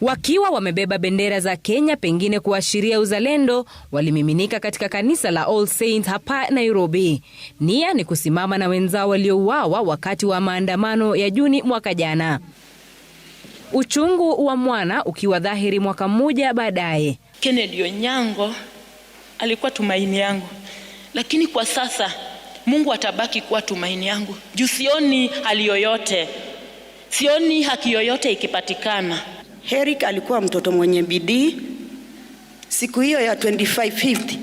wakiwa wamebeba bendera za Kenya, pengine kuashiria uzalendo, walimiminika katika kanisa la All Saints hapa Nairobi. Nia ni kusimama na wenzao waliouawa wakati wa maandamano ya Juni mwaka jana, uchungu wa mwana ukiwa dhahiri mwaka mmoja baadaye. Kennedy Onyango alikuwa tumaini yangu, lakini kwa sasa Mungu atabaki kuwa tumaini yangu juu sioni hali yoyote, sioni haki yoyote ikipatikana. Herrick alikuwa mtoto mwenye bidii. Siku hiyo ya 2550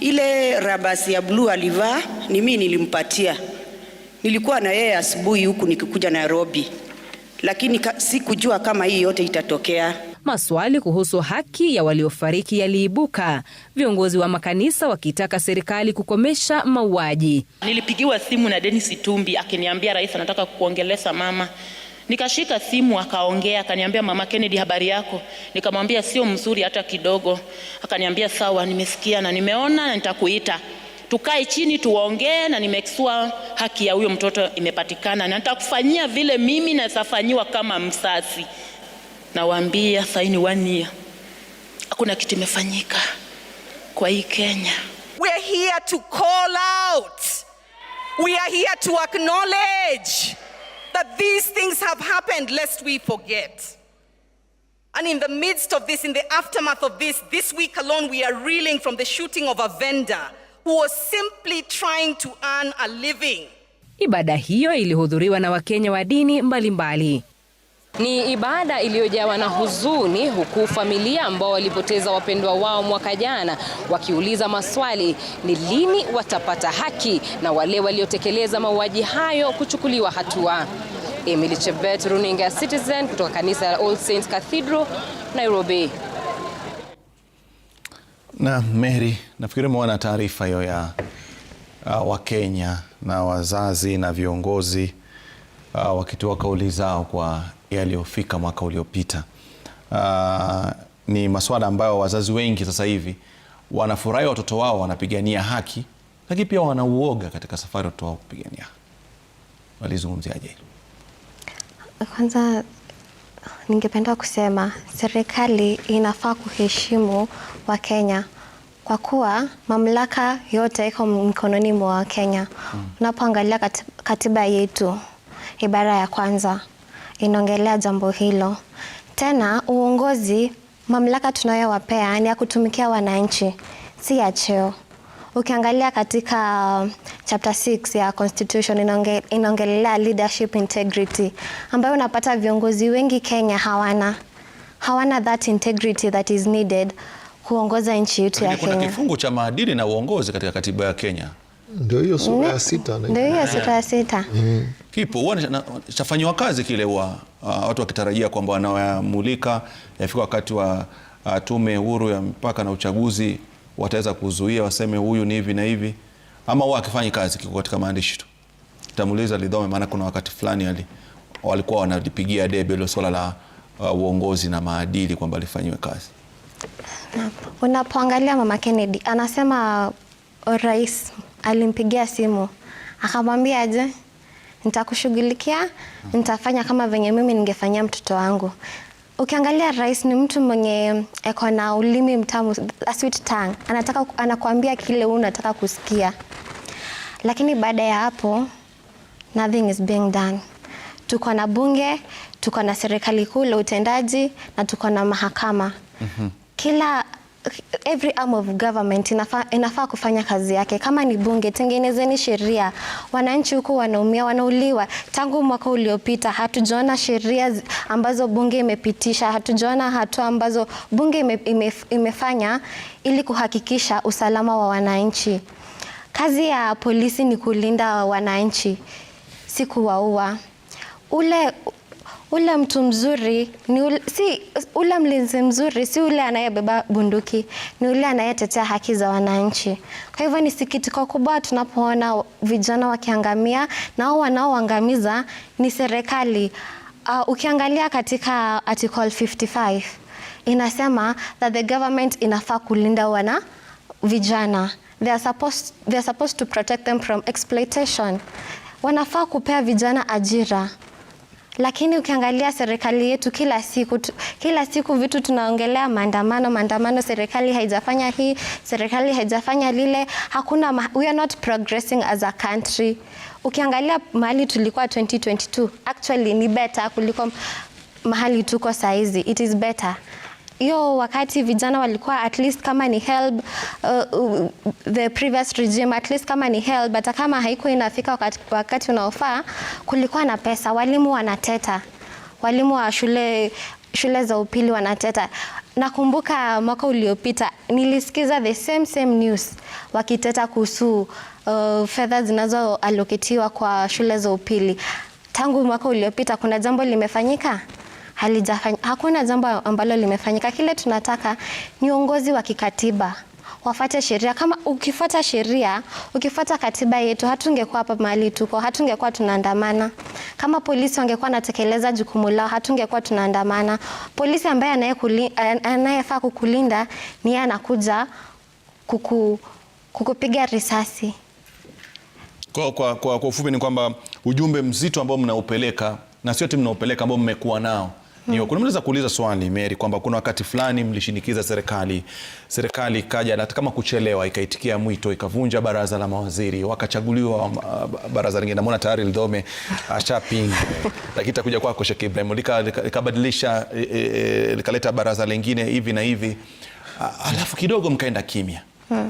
ile rabasi ya bluu alivaa ni mimi nilimpatia. Nilikuwa na yeye asubuhi huku nikikuja Nairobi, lakini sikujua kama hii yote itatokea. Maswali kuhusu haki ya waliofariki yaliibuka, viongozi wa makanisa wakitaka serikali kukomesha mauaji. Nilipigiwa simu na Dennis Itumbi akiniambia rais anataka kuongelesha mama Nikashika simu akaongea, akaniambia mama Kennedy, habari yako? Nikamwambia sio mzuri hata kidogo. Akaniambia sawa, nimesikia na nimeona na nitakuita tukae chini tuongee, na nimesua haki ya huyo mtoto imepatikana, na nitakufanyia vile mimi nasafanyiwa kama msasi. Nawaambia saini wania, hakuna kitu imefanyika kwa hii Kenya. We are here to call out, we are here to acknowledge that these things have happened, lest we forget. And in the midst of this, in the aftermath of this, this week alone, we are reeling from the shooting of a vendor who was simply trying to earn a living. Ibada hiyo ilihudhuriwa na Wakenya wa dini mbalimbali mbali. Ni ibada iliyojawa na huzuni huku familia ambao walipoteza wapendwa wao mwaka jana wakiuliza maswali ni lini watapata haki na wale waliotekeleza mauaji hayo kuchukuliwa hatua. Emily Chebet, Runinga Citizen kutoka kanisa la All Saints Cathedral, Nairobi. Na Mary, nafikiri umeona taarifa hiyo ya uh, Wakenya na wazazi na viongozi uh, wakitoa kauli zao kwa yaliyofika mwaka uliopita. Uh, ni masuala ambayo wazazi wengi sasa hivi wanafurahi watoto wao wanapigania haki, lakini pia wanauoga katika safari watoto wao kupigania Walizungumziaje hilo? Kwanza ningependa kusema serikali inafaa kuheshimu Wakenya kwa kuwa mamlaka yote iko mkononi mwa Wakenya. Hmm. Unapoangalia katiba yetu ibara ya kwanza inaongelea jambo hilo. Tena uongozi, mamlaka tunayowapea ni ya kutumikia wananchi, si ya cheo. Ukiangalia katika um, chapter 6 ya constitution inaongelea leadership integrity, ambayo unapata viongozi wengi Kenya hawana hawana that integrity that is needed kuongoza nchi yetu ya Kenya. Kuna kifungu cha maadili na uongozi katika katiba ya Kenya. Ndio hiyo sura ya mm. sita, ndio hiyo sura ya sita mm. Kipo huwa chafanyiwa kazi kile, huwa uh, watu wakitarajia kwamba wanayamulika yafika wakati wa uh, Tume Huru ya mpaka na Uchaguzi wataweza kuzuia waseme huyu ni hivi na hivi, ama huwa akifanyi kazi, kiko katika maandishi tu. Tamuliza Lidhome, maana kuna wakati fulani ali walikuwa wanalipigia debe ilo swala la uh, uongozi na maadili kwamba lifanyiwe kazi. Unapoangalia Mama Kennedy anasema uh, rais alimpigia simu akamwambia aje, nitakushughulikia, nitafanya kama venye mimi ningefanyia mtoto wangu. Ukiangalia rais ni mtu mwenye eko na ulimi mtamu, a sweet tongue. Anataka, anakuambia kile unataka kusikia, lakini baada ya hapo nothing is being done. Tuko na bunge, tuko na serikali kuu la utendaji na tuko na mahakama. mm -hmm. Kila every arm of government inafaa inafaa kufanya kazi yake. Kama ni bunge, tengenezeni sheria. Wananchi huko wanaumia, wanauliwa. Tangu mwaka uliopita hatujaona sheria ambazo bunge imepitisha, hatujaona hatua ambazo bunge ime, ime, imefanya ili kuhakikisha usalama wa wananchi. Kazi ya polisi ni kulinda wananchi, si kuwaua. Ule ula mtu mzuri ni ula, si ula mlinzi mzuri si ule anayebeba bunduki, ni ule anayetetea haki za wananchi. Kwa hivyo ni sikitiko kubwa tunapoona vijana wakiangamia na wao wanaoangamiza ni serikali. Uh, ukiangalia katika article 55 inasema that the government inafaa kulinda wana vijana they are supposed, they are supposed to protect them from exploitation. Wanafaa kupea vijana ajira. Lakini ukiangalia serikali yetu kila siku tu, kila siku vitu tunaongelea maandamano, maandamano, serikali haijafanya hii, serikali haijafanya lile. Hakuna ma, we are not progressing as a country. Ukiangalia mahali tulikuwa 2022 actually ni better kuliko mahali tuko saizi, it is better hiyo wakati vijana walikuwa at least kama ni help uh, uh the previous regime at least kama ni help, hata kama haiko inafika wakati, wakati unaofaa, kulikuwa na pesa. Walimu wanateta, walimu wa shule shule za upili wanateta. Nakumbuka mwaka uliopita nilisikiza the same same news wakiteta kuhusu uh, fedha zinazoaloketiwa kwa shule za upili. Tangu mwaka uliopita kuna jambo limefanyika? halijafanya, hakuna jambo ambalo limefanyika. Kile tunataka ni uongozi wa kikatiba wafate sheria. Kama ukifuata sheria, ukifuata katiba yetu, hatungekuwa hapa mahali tuko, hatungekuwa tunaandamana. Kama polisi wangekuwa anatekeleza jukumu lao, hatungekuwa tunaandamana. Polisi ambaye anayefaa kukulinda ni yeye anakuja kuku, kukupiga risasi. Kwa, kwa, kwa, kwa ufupi ni kwamba ujumbe mzito ambao mnaupeleka na sio tu mnaupeleka, ambao mmekuwa nao Niyo, kuna mtu anaweza kuuliza swali Mary kwamba kuna wakati fulani mlishinikiza serikali, serikali ikaja hata kama kuchelewa, ikaitikia mwito, ikavunja baraza la mawaziri, wakachaguliwa uh, baraza lingine. Namuona tayari Lidome ashapinga, lakini takuja kwako Sheikh Ibrahim, likabadilisha e, e, likaleta baraza lingine hivi na hivi, alafu kidogo mkaenda kimya.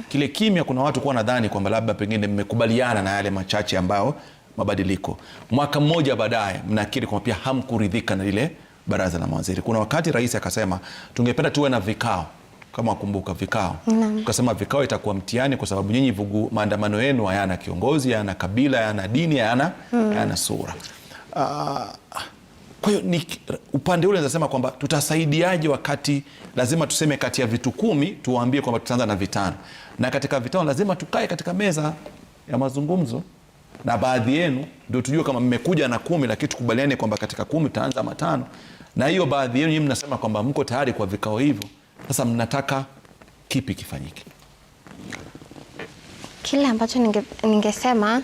Kile kimya, kuna watu kuwa nadhani kwamba labda pengine mmekubaliana na yale machache ambayo mabadiliko, mwaka mmoja baadaye mnakiri kwamba pia hamkuridhika na lile baraza la mawaziri. Kuna wakati rais akasema tungependa tuwe na vikao kama wakumbuka vikao, ukasema vikao itakuwa mtihani kwa sababu nyinyi vugu maandamano yenu hayana kiongozi, hayana kabila, hayana dini, hayana mm, sura. Uh, kwa hiyo ni upande ule nasema kwamba tutasaidiaje, wakati lazima tuseme kati ya vitu kumi tuwaambie kwamba tutaanza na vitano, na katika vitano lazima tukae katika meza ya mazungumzo na baadhi yenu ndio tujue kama mmekuja na kumi, lakini tukubaliane kwamba katika kumi tutaanza matano na hiyo baadhi yenu mnasema kwamba mko tayari kwa vikao hivyo. Sasa mnataka kipi kifanyike? Kile ambacho ningesema ninge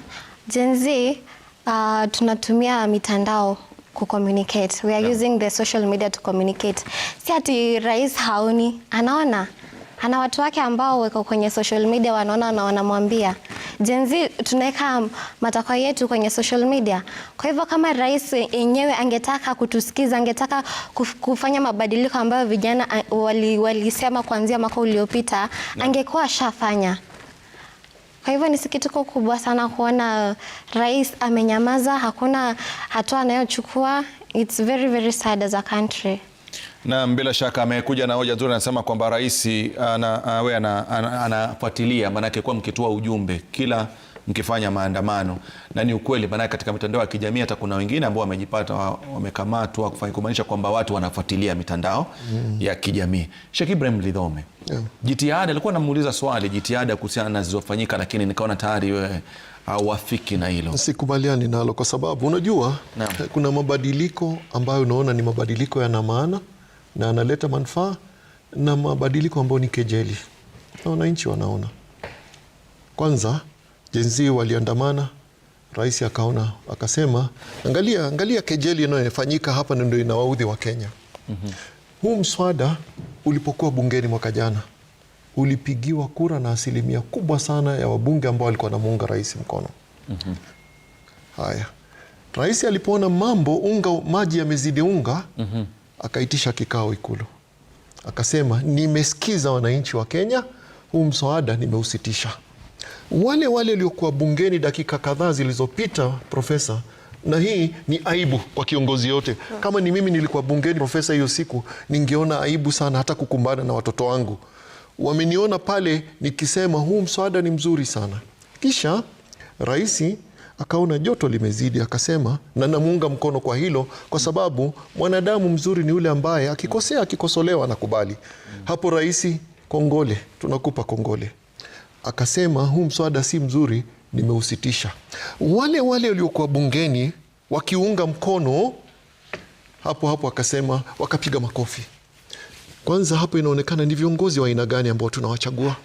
Gen Z uh, tunatumia mitandao kucommunicate. We are yeah, using the social media to communicate. Si ati rais haoni, anaona ana watu wake ambao weko kwenye social media, wanaona na wanamwambia Gen Z tunaweka matakwa yetu kwenye social media. Kwa hivyo kama rais yenyewe angetaka kutusikiza, angetaka kufanya mabadiliko ambayo vijana walisema wali kuanzia mwaka uliopita, angekuwa shafanya. Kwa hivyo ni sikitiko kubwa sana kuona rais amenyamaza, hakuna hatua anayochukua. It's very very sad as a country. Na bila shaka amekuja na hoja nzuri, anasema kwamba rais anawe uh, anafuatilia uh, ana, ana, maanake kuwa mkitoa ujumbe kila mkifanya maandamano, na ni ukweli, maanake katika mitandao ya kijamii hata kuna wengine ambao wamejipata wamekamatwa, kumaanisha kwamba watu wanafuatilia mitandao mm. ya kijamii. Sheikh Ibrahim Lidhome yeah. jitihada, alikuwa namuuliza swali jitihada kuhusiana na zilizofanyika, lakini nikaona tayari wewe hawafiki na hilo, sikubaliani nalo kwa sababu unajua na, eh, kuna mabadiliko ambayo unaona ni mabadiliko yana maana na analeta manufaa na mabadiliko ambayo ni kejeli, na wananchi wanaona. Kwanza jenzi waliandamana, rais akaona akasema, angalia angalia kejeli inayofanyika hapa, ndio inawaudhi wa Kenya. mm -hmm. Huu mswada ulipokuwa bungeni mwaka jana ulipigiwa kura na asilimia kubwa sana ya wabunge ambao walikuwa namuunga rais mkono. mm -hmm. Haya, rais alipoona mambo unga maji yamezidi unga, mm -hmm. akaitisha kikao Ikulu akasema, nimesikiza wananchi wa Kenya, huu mswada nimeusitisha. Wale wale waliokuwa bungeni dakika kadhaa zilizopita, Profesa, na hii ni aibu kwa kiongozi yote. Kama ni mimi nilikuwa bungeni, Profesa, hiyo siku ningeona aibu sana hata kukumbana na watoto wangu wameniona pale nikisema huu mswada ni mzuri sana. Kisha rais akaona joto limezidi, akasema, na namuunga mkono kwa hilo, kwa sababu mwanadamu mzuri ni yule ambaye akikosea, akikosolewa anakubali. Hapo rais, kongole, tunakupa kongole. Akasema huu mswada si mzuri, nimeusitisha. Wale wale waliokuwa bungeni wakiunga mkono hapo hapo, akasema, wakapiga makofi. Kwanza hapo inaonekana ni viongozi wa aina gani ambao tunawachagua.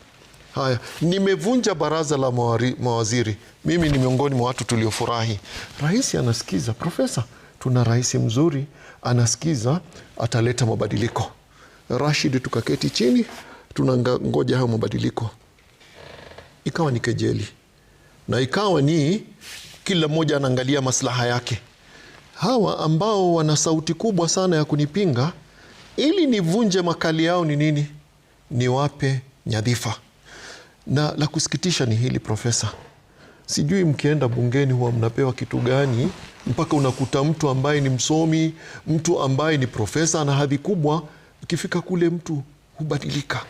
Haya, nimevunja baraza la mawari, mawaziri. Mimi ni miongoni mwa watu tuliofurahi. Rais anasikiza, profesa, tuna rais mzuri anasikiza, ataleta mabadiliko. Rashid, tukaketi chini, tunangoja hayo mabadiliko. Ikawa ni kejeli na ikawa ni kila mmoja anaangalia maslaha yake. Hawa ambao wana sauti kubwa sana ya kunipinga ili nivunje makali yao ni nini? Niwape nyadhifa. Na la kusikitisha ni hili, Profesa, sijui mkienda bungeni huwa mnapewa kitu gani mpaka unakuta mtu ambaye ni msomi, mtu ambaye ni profesa ana hadhi kubwa, ukifika kule mtu hubadilika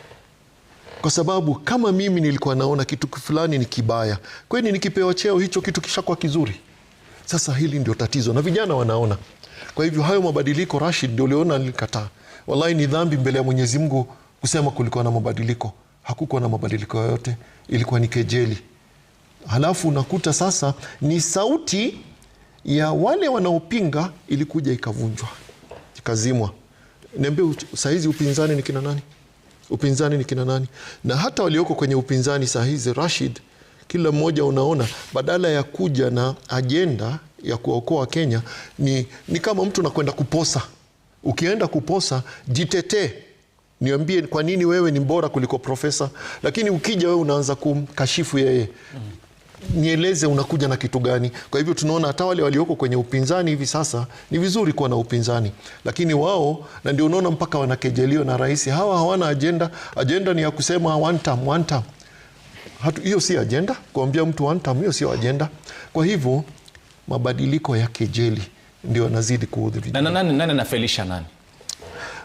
kwa sababu kama mimi nilikuwa naona kitu fulani ni kibaya, kweni nikipewa cheo hicho kitu kishakuwa kizuri. Sasa hili ndio tatizo, na vijana wanaona. Kwa hivyo hayo mabadiliko, Rashid, ndio uliona nilikataa. Wallahi ni dhambi mbele ya Mwenyezi Mungu kusema kulikuwa na mabadiliko. Hakukuwa na mabadiliko yoyote, ilikuwa ni kejeli. Halafu unakuta sasa ni sauti ya wale wanaopinga ilikuja ikavunjwa, ikazimwa. niambi sahizi upinzani ni kina nani? Upinzani ni kina nani? Na hata walioko kwenye upinzani sahizi, Rashid, kila mmoja unaona, badala ya kuja na ajenda ya kuokoa Kenya ni, ni kama mtu nakwenda kuposa Ukienda kuposa, jitetee, niambie kwa nini wewe ni bora kuliko profesa. Lakini ukija wewe unaanza kumkashifu yeye, nieleze unakuja na kitu gani? Kwa hivyo tunaona hata wale walioko kwenye upinzani hivi sasa, ni vizuri kuwa na upinzani, lakini wao, na ndio unaona mpaka wanakejeliwa na rais. Hawa hawana ajenda, ajenda ni ya kusema one term, one term. Hatu, hiyo si ajenda kuambia mtu one term, hiyo sio ajenda. Kwa hivyo mabadiliko ya kejeli ndio anazidi kuudhi vijana. Na nani anafelisha nani?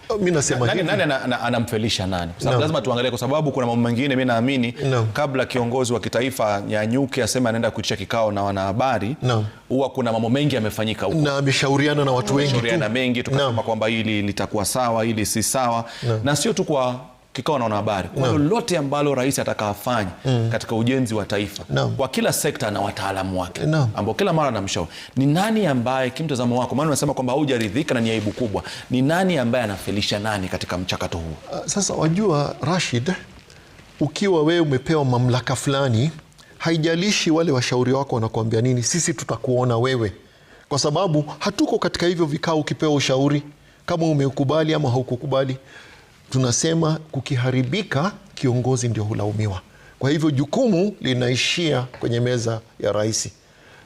Oh, mimi nasema hivi, nani anamfelisha nani? Kwa sababu lazima tuangalie, kwa sababu kuna mambo mengine mimi naamini no. kabla kiongozi wa kitaifa nyanyuke aseme anaenda kuitisha kikao na wanahabari huwa no. kuna mambo mengi yamefanyika huko na ameshauriana na watu wengi tu, mengi tukasema no. kwamba hili litakuwa sawa, hili si sawa no. na sio tu kwa kikawa na wanahabari kwa no. ambalo rais atakaafanya mm. katika ujenzi wa taifa no. kwa kila sekta na wataalamu wake no. ambao kila mara anamshauri ni nani ambaye kimtazamo wako, maana unasema kwamba haujaridhika na ni aibu kubwa, ni nani ambaye anafelisha nani katika mchakato huu? Uh, sasa wajua Rashid, ukiwa wewe umepewa mamlaka fulani, haijalishi wale washauri wako wanakuambia nini, sisi tutakuona wewe, kwa sababu hatuko katika hivyo vikao. Ukipewa ushauri kama umeukubali ama haukukubali tunasema kukiharibika, kiongozi ndio hulaumiwa. Kwa hivyo jukumu linaishia kwenye meza ya rais.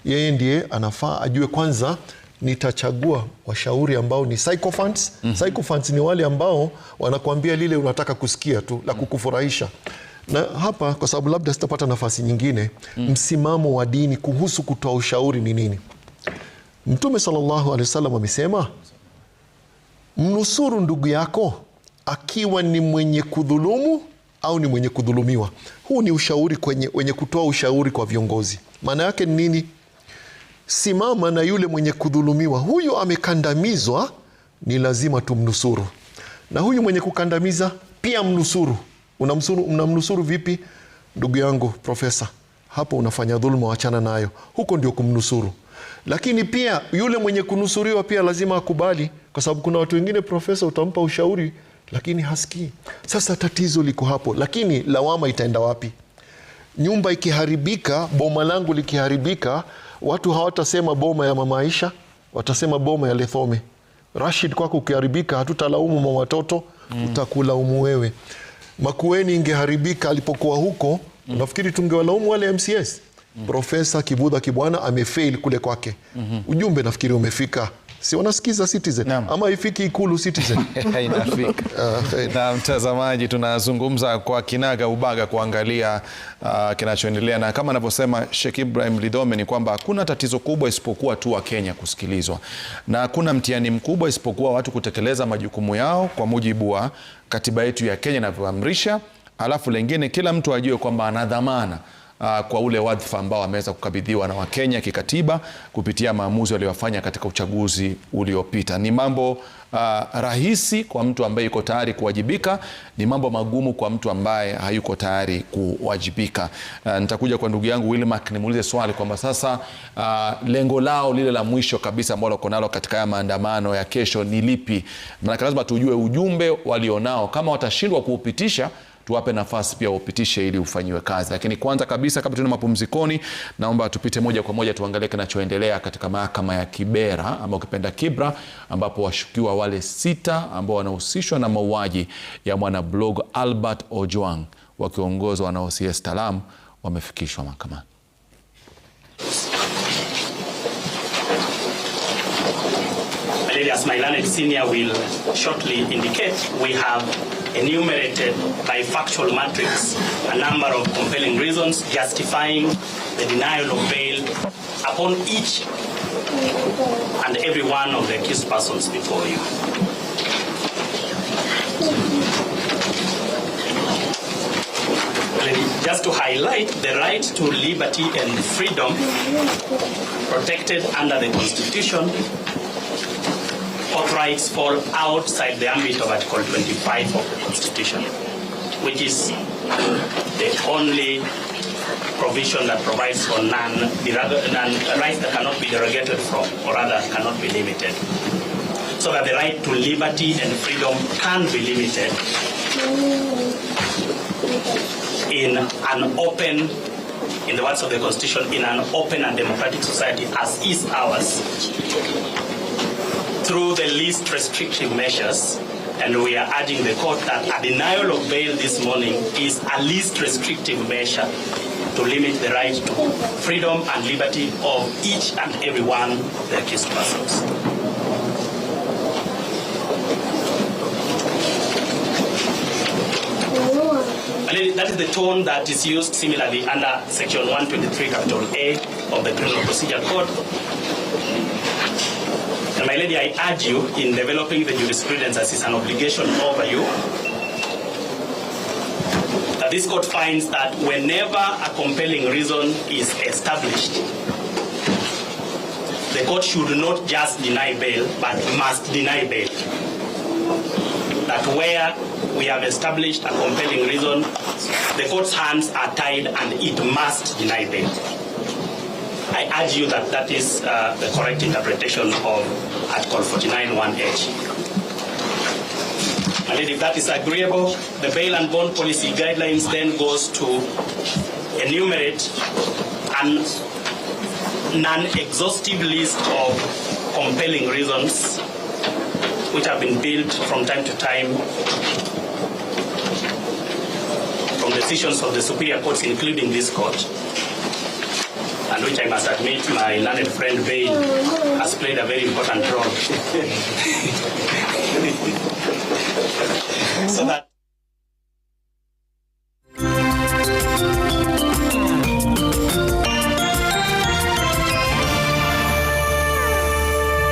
Yeye ndiye anafaa ajue kwanza, nitachagua washauri ambao ni Mm -hmm. ni wale ambao wanakuambia lile unataka kusikia tu la kukufurahisha na hapa kwa sababu labda sitapata nafasi nyingine mm. Msimamo wa dini kuhusu kutoa ushauri ni nini? Mtume salllahu alehi wasallam amesema, mnusuru ndugu yako akiwa ni mwenye kudhulumu au ni mwenye kudhulumiwa. Huu ni ushauri kwenye, wenye kutoa ushauri kwa viongozi. Maana yake ni nini? Simama na yule mwenye kudhulumiwa, huyu amekandamizwa, ni lazima tumnusuru, na huyu mwenye kukandamiza pia mnusuru. Unamnusuru, vipi? Ndugu yangu profesa, hapo unafanya dhuluma, wachana nayo, huko ndio kumnusuru. Lakini pia yule mwenye kunusuriwa pia lazima akubali, kwa sababu kuna watu wengine, profesa, utampa ushauri lakini hasikii. Sasa tatizo liko hapo, lakini lawama itaenda wapi? Nyumba ikiharibika, boma langu likiharibika, watu hawatasema boma ya mamaisha watasema boma ya Lethome. Rashid, kwako ukiharibika, hatutalaumu mwa watoto mm. utakulaumu wewe. Makueni ingeharibika alipokuwa huko mm. nafikiri tungewalaumu wale MCS mm. Profesa Kibudha Kibwana amefail kule kwake mm -hmm. Ujumbe nafikiri umefika si wanasikiza Citizen Naam. ama ifiki ikulu Citizen inafika ah, na mtazamaji, tunazungumza kwa kinaga ubaga kuangalia uh, kinachoendelea na kama anavyosema Sheikh Ibrahim Lidhome ni kwamba hakuna tatizo kubwa isipokuwa tu wa kenya kusikilizwa na hakuna mtihani mkubwa isipokuwa watu kutekeleza majukumu yao kwa mujibu wa katiba yetu ya Kenya inavyoamrisha, alafu lengine kila mtu ajue kwamba ana dhamana uh, kwa ule wadhifa ambao ameweza kukabidhiwa na Wakenya kikatiba kupitia maamuzi waliyofanya katika uchaguzi uliopita. Ni mambo uh, rahisi kwa mtu ambaye yuko tayari kuwajibika, ni mambo magumu kwa mtu ambaye hayuko tayari kuwajibika. Uh, nitakuja kwa ndugu yangu Wilmark nimuulize swali kwamba sasa uh, lengo lao lile la mwisho kabisa ambalo wako nalo katika haya maandamano ya kesho ni lipi? Maanake lazima tujue ujumbe walionao, kama watashindwa kuupitisha tuwape nafasi pia upitishe ili ufanyiwe kazi. Lakini kwanza kabisa, kabla tuna mapumzikoni, naomba tupite moja kwa moja tuangalie kinachoendelea katika mahakama ya Kibera ama ukipenda Kibra, ambapo washukiwa wale sita ambao wanahusishwa na mauaji ya mwanablog Albert Ojwang wakiongozwa na OCS Talam wamefikishwa mahakamani. Valeria Smailane Senior will shortly indicate we have enumerated by factual matrix a number of compelling reasons justifying the denial of bail upon each and every one of the accused persons before you. just to highlight the right to liberty and freedom protected under the Constitution rights fall outside the ambit of Article 25 of the Constitution, which is the only provision that provides for none, rights that cannot be derogated from, or rather cannot be limited. So that the right to liberty and freedom can be limited in an open, in the words of the Constitution, in an open and democratic society as is ours through the least restrictive measures, and we are adding the court that a denial of bail this morning is a least restrictive measure to limit the right to freedom and liberty of each and every one the accused persons. And that is the tone that is used similarly under Section 123 Capital A of the Criminal Procedure Code. And my lady, I urge you in developing the jurisprudence as is an obligation over you that this court finds that whenever a compelling reason is established, the court should not just deny bail, but must deny bail. That where we have established a compelling reason, the court's hands are tied and it must deny bail. I urge you that that is uh, the correct interpretation of Article 49.1H. And if that is agreeable, the bail and bond policy guidelines then goes to enumerate an non-exhaustive list of compelling reasons which have been built from time to time from decisions of the superior courts, including this court and which I must admit my learned friend Bain has played a very important role. so that